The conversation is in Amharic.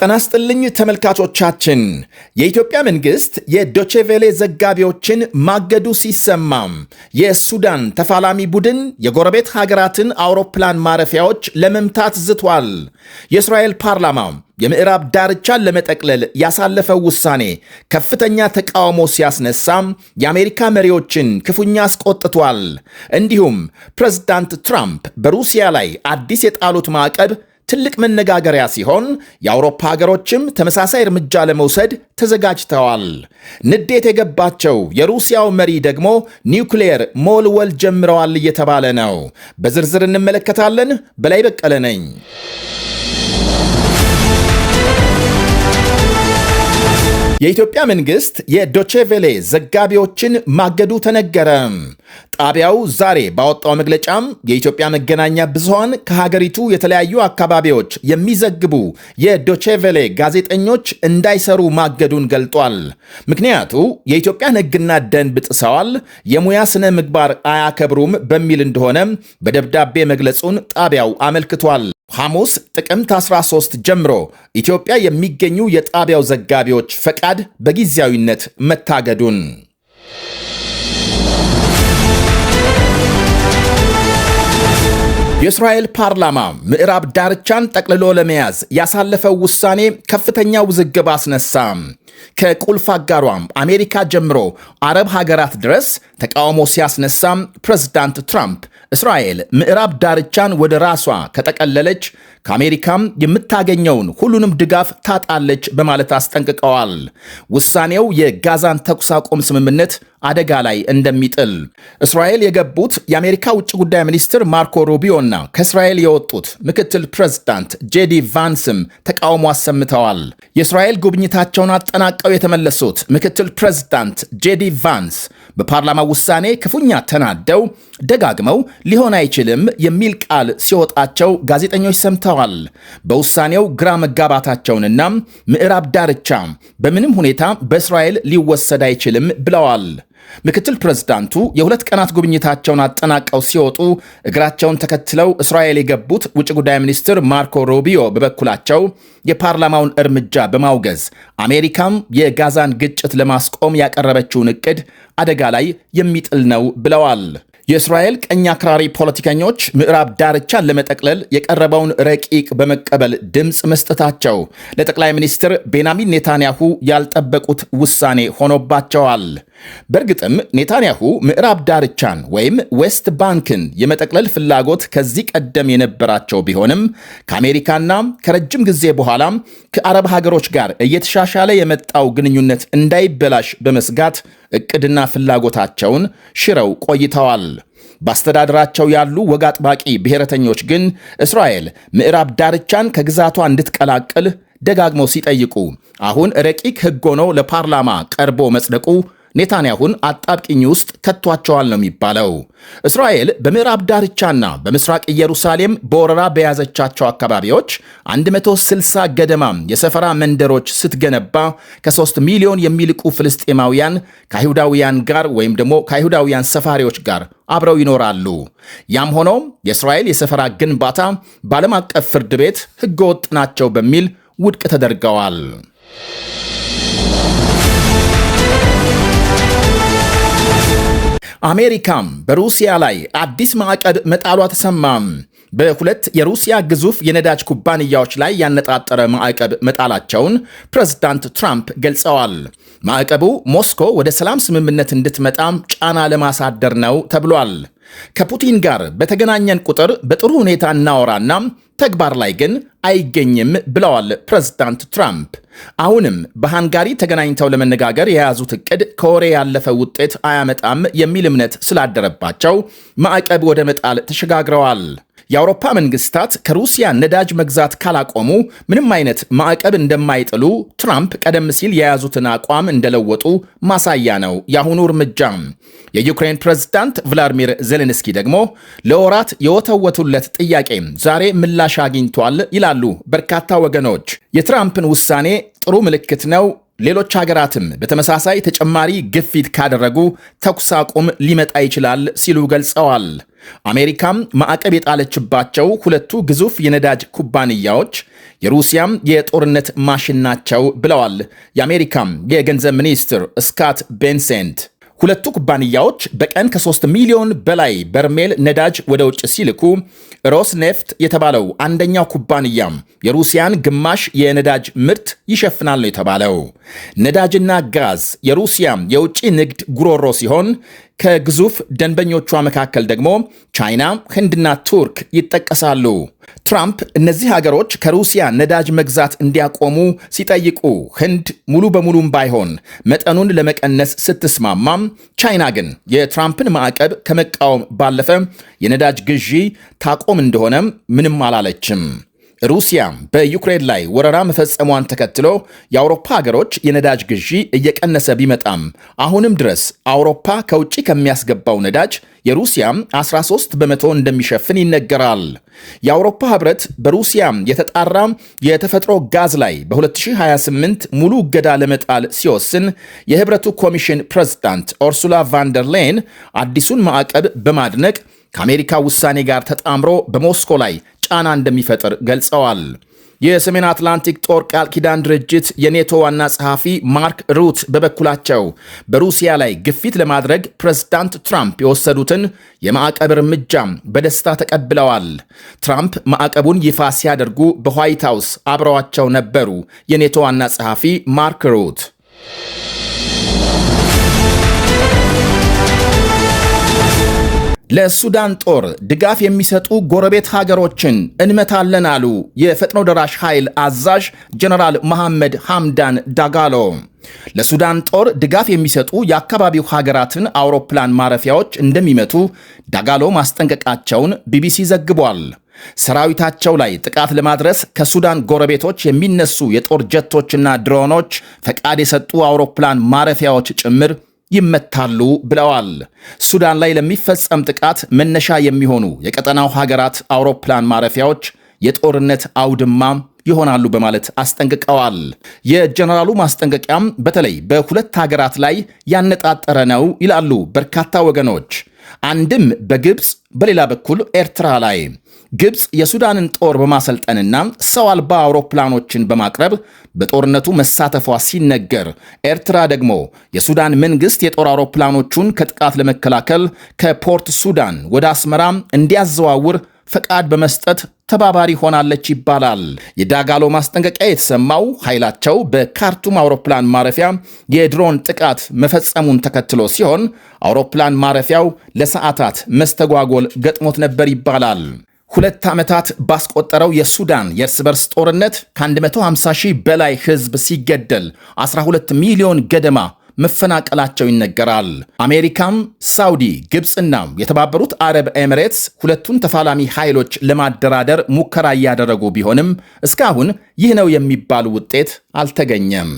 ጤና ይስጥልኝ ተመልካቾቻችን። የኢትዮጵያ መንግሥት የዶቼቬሌ ዘጋቢዎችን ማገዱ ሲሰማም የሱዳን ተፋላሚ ቡድን የጎረቤት ሀገራትን አውሮፕላን ማረፊያዎች ለመምታት ዝቷል። የእስራኤል ፓርላማ የምዕራብ ዳርቻን ለመጠቅለል ያሳለፈው ውሳኔ ከፍተኛ ተቃውሞ ሲያስነሳም የአሜሪካ መሪዎችን ክፉኛ አስቆጥቷል። እንዲሁም ፕሬዝዳንት ትራምፕ በሩሲያ ላይ አዲስ የጣሉት ማዕቀብ ትልቅ መነጋገሪያ ሲሆን የአውሮፓ ሀገሮችም ተመሳሳይ እርምጃ ለመውሰድ ተዘጋጅተዋል። ንዴት የገባቸው የሩሲያው መሪ ደግሞ ኒውክሌየር ሞልወል ጀምረዋል እየተባለ ነው። በዝርዝር እንመለከታለን። በላይ በቀለ ነኝ። የኢትዮጵያ መንግስት የዶቼቬሌ ዘጋቢዎችን ማገዱ ተነገረ። ጣቢያው ዛሬ ባወጣው መግለጫም የኢትዮጵያ መገናኛ ብዙሃን ከሀገሪቱ የተለያዩ አካባቢዎች የሚዘግቡ የዶቼቬሌ ጋዜጠኞች እንዳይሰሩ ማገዱን ገልጧል። ምክንያቱ የኢትዮጵያን ሕግና ደንብ ጥሰዋል፣ የሙያ ስነ ምግባር አያከብሩም በሚል እንደሆነ በደብዳቤ መግለጹን ጣቢያው አመልክቷል። ሐሙስ ጥቅምት 13 ጀምሮ ኢትዮጵያ የሚገኙ የጣቢያው ዘጋቢዎች ፈቃድ በጊዜያዊነት መታገዱን የእስራኤል ፓርላማ ምዕራብ ዳርቻን ጠቅልሎ ለመያዝ ያሳለፈው ውሳኔ ከፍተኛ ውዝግብ አስነሳ። ከቁልፍ አጋሯም አሜሪካ ጀምሮ አረብ ሀገራት ድረስ ተቃውሞ ሲያስነሳም ፕሬዝዳንት ትራምፕ እስራኤል ምዕራብ ዳርቻን ወደ ራሷ ከጠቀለለች ከአሜሪካም የምታገኘውን ሁሉንም ድጋፍ ታጣለች በማለት አስጠንቅቀዋል። ውሳኔው የጋዛን ተኩስ አቁም ስምምነት አደጋ ላይ እንደሚጥል እስራኤል የገቡት የአሜሪካ ውጭ ጉዳይ ሚኒስትር ማርኮ ሩቢዮ ዋና ከእስራኤል የወጡት ምክትል ፕሬዝዳንት ጄዲ ቫንስም ተቃውሞ አሰምተዋል። የእስራኤል ጉብኝታቸውን አጠናቀው የተመለሱት ምክትል ፕሬዝዳንት ጄዲ ቫንስ በፓርላማው ውሳኔ ክፉኛ ተናደው ደጋግመው ሊሆን አይችልም የሚል ቃል ሲወጣቸው ጋዜጠኞች ሰምተዋል። በውሳኔው ግራ መጋባታቸውንና ምዕራብ ዳርቻ በምንም ሁኔታ በእስራኤል ሊወሰድ አይችልም ብለዋል። ምክትል ፕሬዝዳንቱ የሁለት ቀናት ጉብኝታቸውን አጠናቀው ሲወጡ እግራቸውን ተከትለው እስራኤል የገቡት ውጭ ጉዳይ ሚኒስትር ማርኮ ሮቢዮ በበኩላቸው የፓርላማውን እርምጃ በማውገዝ አሜሪካም የጋዛን ግጭት ለማስቆም ያቀረበችውን እቅድ አደጋ ላይ የሚጥል ነው ብለዋል። የእስራኤል ቀኝ አክራሪ ፖለቲከኞች ምዕራብ ዳርቻን ለመጠቅለል የቀረበውን ረቂቅ በመቀበል ድምፅ መስጠታቸው ለጠቅላይ ሚኒስትር ቤንያሚን ኔታንያሁ ያልጠበቁት ውሳኔ ሆኖባቸዋል። በእርግጥም ኔታንያሁ ምዕራብ ዳርቻን ወይም ዌስት ባንክን የመጠቅለል ፍላጎት ከዚህ ቀደም የነበራቸው ቢሆንም ከአሜሪካና ከረጅም ጊዜ በኋላ ከአረብ ሀገሮች ጋር እየተሻሻለ የመጣው ግንኙነት እንዳይበላሽ በመስጋት እቅድና ፍላጎታቸውን ሽረው ቆይተዋል። በአስተዳደራቸው ያሉ ወግ አጥባቂ ብሔረተኞች ግን እስራኤል ምዕራብ ዳርቻን ከግዛቷ እንድትቀላቅል ደጋግመው ሲጠይቁ አሁን ረቂቅ ሕግ ሆኖ ለፓርላማ ቀርቦ መጽደቁ ኔታንያሁን አጣብቂኝ ውስጥ ከቷቸዋል ነው የሚባለው። እስራኤል በምዕራብ ዳርቻና በምስራቅ ኢየሩሳሌም በወረራ በያዘቻቸው አካባቢዎች 160 ገደማ የሰፈራ መንደሮች ስትገነባ ከ3 ሚሊዮን የሚልቁ ፍልስጤማውያን ከአይሁዳውያን ጋር ወይም ደግሞ ከአይሁዳውያን ሰፋሪዎች ጋር አብረው ይኖራሉ። ያም ሆኖ የእስራኤል የሰፈራ ግንባታ በዓለም አቀፍ ፍርድ ቤት ሕገወጥ ናቸው በሚል ውድቅ ተደርገዋል። አሜሪካም በሩሲያ ላይ አዲስ ማዕቀብ መጣሏ ተሰማም። በሁለት የሩሲያ ግዙፍ የነዳጅ ኩባንያዎች ላይ ያነጣጠረ ማዕቀብ መጣላቸውን ፕሬዝዳንት ትራምፕ ገልጸዋል። ማዕቀቡ ሞስኮ ወደ ሰላም ስምምነት እንድትመጣም ጫና ለማሳደር ነው ተብሏል። ከፑቲን ጋር በተገናኘን ቁጥር በጥሩ ሁኔታ እናወራና ተግባር ላይ ግን አይገኝም ብለዋል ፕሬዝዳንት ትራምፕ። አሁንም በሃንጋሪ ተገናኝተው ለመነጋገር የያዙት እቅድ ከወሬ ያለፈ ውጤት አያመጣም የሚል እምነት ስላደረባቸው ማዕቀብ ወደ መጣል ተሸጋግረዋል። የአውሮፓ መንግስታት ከሩሲያ ነዳጅ መግዛት ካላቆሙ ምንም አይነት ማዕቀብ እንደማይጥሉ ትራምፕ ቀደም ሲል የያዙትን አቋም እንደለወጡ ማሳያ ነው የአሁኑ እርምጃ። የዩክሬን ፕሬዝዳንት ቭላዲሚር ዜሌንስኪ ደግሞ ለወራት የወተወቱለት ጥያቄ ዛሬ ምላሽ አግኝቷል ይላሉ በርካታ ወገኖች። የትራምፕን ውሳኔ ጥሩ ምልክት ነው ሌሎች ሀገራትም በተመሳሳይ ተጨማሪ ግፊት ካደረጉ ተኩስ አቁም ሊመጣ ይችላል ሲሉ ገልጸዋል። አሜሪካም ማዕቀብ የጣለችባቸው ሁለቱ ግዙፍ የነዳጅ ኩባንያዎች የሩሲያም የጦርነት ማሽን ናቸው ብለዋል የአሜሪካም የገንዘብ ሚኒስትር ስካት ቤንሴንት። ሁለቱ ኩባንያዎች በቀን ከ3 ሚሊዮን በላይ በርሜል ነዳጅ ወደ ውጭ ሲልኩ ሮስ ኔፍት የተባለው አንደኛው ኩባንያም የሩሲያን ግማሽ የነዳጅ ምርት ይሸፍናል ነው የተባለው። ነዳጅና ጋዝ የሩሲያም የውጭ ንግድ ጉሮሮ ሲሆን ከግዙፍ ደንበኞቿ መካከል ደግሞ ቻይና፣ ህንድና ቱርክ ይጠቀሳሉ። ትራምፕ እነዚህ ሀገሮች ከሩሲያ ነዳጅ መግዛት እንዲያቆሙ ሲጠይቁ ህንድ ሙሉ በሙሉም ባይሆን መጠኑን ለመቀነስ ስትስማማም፣ ቻይና ግን የትራምፕን ማዕቀብ ከመቃወም ባለፈ የነዳጅ ግዢ ታቆም እንደሆነ ምንም አላለችም። ሩሲያ በዩክሬን ላይ ወረራ መፈጸሟን ተከትሎ የአውሮፓ ሀገሮች የነዳጅ ግዢ እየቀነሰ ቢመጣም አሁንም ድረስ አውሮፓ ከውጭ ከሚያስገባው ነዳጅ የሩሲያም 13 በመቶ እንደሚሸፍን ይነገራል። የአውሮፓ ህብረት በሩሲያም የተጣራ የተፈጥሮ ጋዝ ላይ በ2028 ሙሉ እገዳ ለመጣል ሲወስን የህብረቱ ኮሚሽን ፕሬዝዳንት ኦርሱላ ቫንደር ሌን አዲሱን ማዕቀብ በማድነቅ ከአሜሪካ ውሳኔ ጋር ተጣምሮ በሞስኮ ላይ ጫና እንደሚፈጥር ገልጸዋል። የሰሜን አትላንቲክ ጦር ቃል ኪዳን ድርጅት የኔቶ ዋና ጸሐፊ ማርክ ሩት በበኩላቸው በሩሲያ ላይ ግፊት ለማድረግ ፕሬዝዳንት ትራምፕ የወሰዱትን የማዕቀብ እርምጃም በደስታ ተቀብለዋል። ትራምፕ ማዕቀቡን ይፋ ሲያደርጉ በዋይት ሃውስ አብረዋቸው ነበሩ። የኔቶ ዋና ጸሐፊ ማርክ ሩት ለሱዳን ጦር ድጋፍ የሚሰጡ ጎረቤት ሀገሮችን እንመታለን አሉ የፈጥኖ ደራሽ ኃይል አዛዥ ጀነራል መሐመድ ሐምዳን ዳጋሎ። ለሱዳን ጦር ድጋፍ የሚሰጡ የአካባቢው ሀገራትን አውሮፕላን ማረፊያዎች እንደሚመቱ ዳጋሎ ማስጠንቀቃቸውን ቢቢሲ ዘግቧል። ሰራዊታቸው ላይ ጥቃት ለማድረስ ከሱዳን ጎረቤቶች የሚነሱ የጦር ጀቶችና ድሮኖች ፈቃድ የሰጡ አውሮፕላን ማረፊያዎች ጭምር ይመታሉ ብለዋል። ሱዳን ላይ ለሚፈጸም ጥቃት መነሻ የሚሆኑ የቀጠናው ሀገራት አውሮፕላን ማረፊያዎች የጦርነት አውድማ ይሆናሉ በማለት አስጠንቅቀዋል። የጀነራሉ ማስጠንቀቂያም በተለይ በሁለት ሀገራት ላይ ያነጣጠረ ነው ይላሉ በርካታ ወገኖች። አንድም በግብፅ በሌላ በኩል ኤርትራ ላይ ግብፅ የሱዳንን ጦር በማሰልጠንና ሰው አልባ አውሮፕላኖችን በማቅረብ በጦርነቱ መሳተፏ ሲነገር፣ ኤርትራ ደግሞ የሱዳን መንግስት የጦር አውሮፕላኖቹን ከጥቃት ለመከላከል ከፖርት ሱዳን ወደ አስመራ እንዲያዘዋውር ፈቃድ በመስጠት ተባባሪ ሆናለች ይባላል። የዳጋሎ ማስጠንቀቂያ የተሰማው ኃይላቸው በካርቱም አውሮፕላን ማረፊያ የድሮን ጥቃት መፈጸሙን ተከትሎ ሲሆን አውሮፕላን ማረፊያው ለሰዓታት መስተጓጎል ገጥሞት ነበር ይባላል። ሁለት ዓመታት ባስቆጠረው የሱዳን የእርስ በርስ ጦርነት ከ150 ሺህ በላይ ህዝብ ሲገደል 12 ሚሊዮን ገደማ መፈናቀላቸው ይነገራል። አሜሪካም፣ ሳውዲ፣ ግብፅና የተባበሩት አረብ ኤሚሬትስ ሁለቱን ተፋላሚ ኃይሎች ለማደራደር ሙከራ እያደረጉ ቢሆንም እስካሁን ይህ ነው የሚባል ውጤት አልተገኘም።